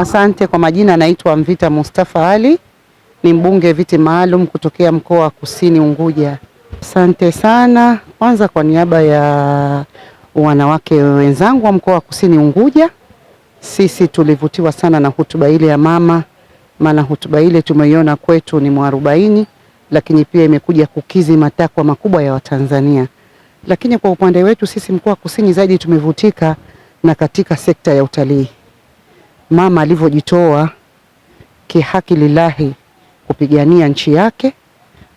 Asante kwa majina, naitwa Mvita Mustafa Ali, ni mbunge viti maalum kutokea mkoa wa Kusini Unguja. Asante sana kwanza kwa niaba ya wanawake wenzangu wa mkoa wa Kusini Unguja, sisi tulivutiwa sana na hotuba ile ya mama, maana hotuba ile tumeiona kwetu ni mwarobaini, lakini pia imekuja kukizi matakwa makubwa ya Watanzania. Lakini kwa upande wetu sisi mkoa wa Kusini zaidi tumevutika na katika sekta ya utalii mama alivyojitoa kihaki lillahi kupigania nchi yake,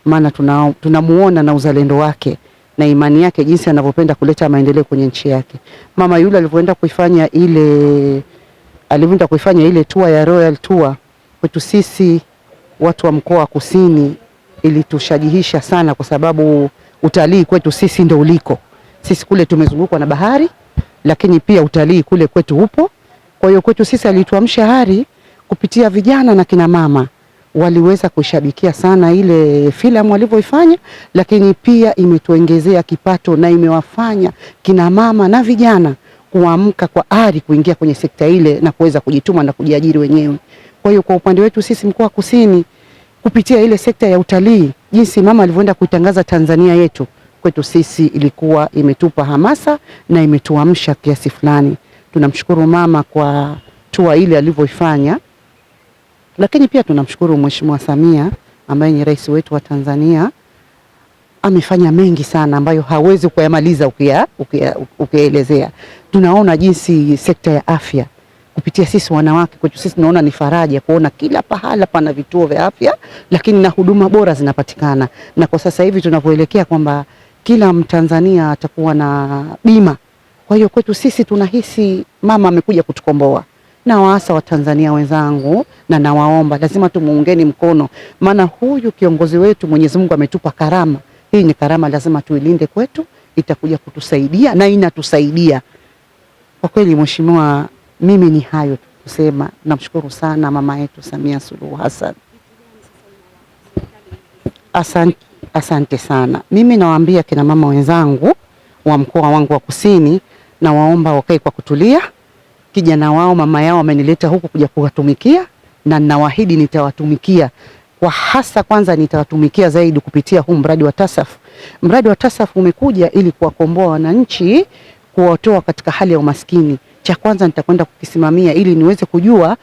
maana tunamuona tuna na uzalendo wake na imani yake, jinsi anavyopenda kuleta maendeleo kwenye nchi yake. Mama yule alivyoenda kuifanya ile alivyoenda kuifanya ile tour ya Royal Tour kwetu sisi watu wa mkoa wa Kusini ilitushajihisha sana, kwa sababu utalii kwetu sisi ndio uliko. Sisi kule tumezungukwa na bahari, lakini pia utalii kule kwetu upo. Kwa hiyo kwetu sisi alituamsha hari kupitia vijana na kina mama waliweza kushabikia sana ile filamu walivyoifanya, lakini pia imetuongezea kipato na imewafanya kina mama na vijana kuamka kwa ari kuingia kwenye sekta ile na kuweza kujituma na kujiajiri wenyewe. Kwa hiyo kwa upande wetu sisi mkoa wa Kusini kupitia ile sekta ya utalii, jinsi mama alivyoenda kuitangaza Tanzania yetu, kwetu sisi ilikuwa imetupa hamasa na imetuamsha kiasi fulani. Tunamshukuru mama kwa tua ile alivyoifanya, lakini pia tunamshukuru Mheshimiwa Samia ambaye ni rais wetu wa Tanzania. Amefanya mengi sana ambayo hawezi kuyamaliza ukiyaelezea. Tunaona jinsi sekta ya afya kupitia sisi wanawake kwetu sisi tunaona ni faraja kuona kila pahala pana vituo vya afya, lakini na huduma bora zinapatikana. Na kwa sasa hivi tunavyoelekea kwamba kila Mtanzania atakuwa na bima kwa hiyo kwetu sisi tunahisi mama amekuja kutukomboa. Nawaasa Watanzania wenzangu na nawaomba, lazima tumuungeni mkono, maana huyu kiongozi wetu Mwenyezi Mungu ametupa karama. Hii ni karama, lazima tuilinde kwetu, itakuja kutusaidia na inatusaidia kwa kweli. Mheshimiwa, mimi ni hayo tu kusema. Namshukuru sana mama yetu Samia Suluhu Hassan, asante, asante sana. Mimi nawaambia kina mama wenzangu wa mkoa wangu wa Kusini nawaomba wakae kwa kutulia. Kijana wao mama yao amenileta huku kuja kuwatumikia, na ninawaahidi nitawatumikia kwa hasa, kwanza nitawatumikia zaidi kupitia huu mradi wa TASAF. Mradi wa TASAF umekuja ili kuwakomboa wananchi, kuwatoa katika hali ya umaskini. Cha kwanza nitakwenda kukisimamia ili niweze kujua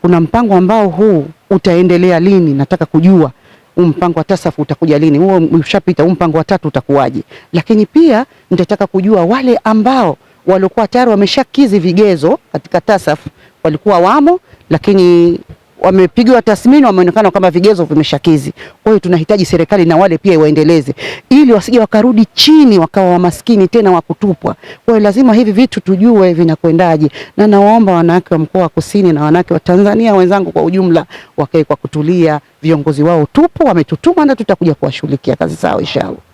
kuna mpango ambao huu utaendelea lini. Nataka kujua huu mpango wa TASAF utakuja lini, huo ushapita. Huu mpango wa tatu utakuwaje? Lakini pia nitataka kujua wale ambao waliokuwa tayari wameshakizi vigezo katika TASAF walikuwa wamo, lakini wamepigwa tathmini, wameonekana kama vigezo vimeshakizi. Kwa hiyo tunahitaji serikali na wale pia iwaendeleze, ili wasije wakarudi chini wakawa wamaskini tena wakutupwa. Kwa hiyo lazima hivi vitu tujue vinakwendaje, na nawaomba wanawake wa mkoa wa Kusini na wanawake wa Tanzania wenzangu kwa ujumla wakae kwa kutulia. Viongozi wao tupo, wametutuma na tutakuja kuwashughulikia kazi zao inshallah.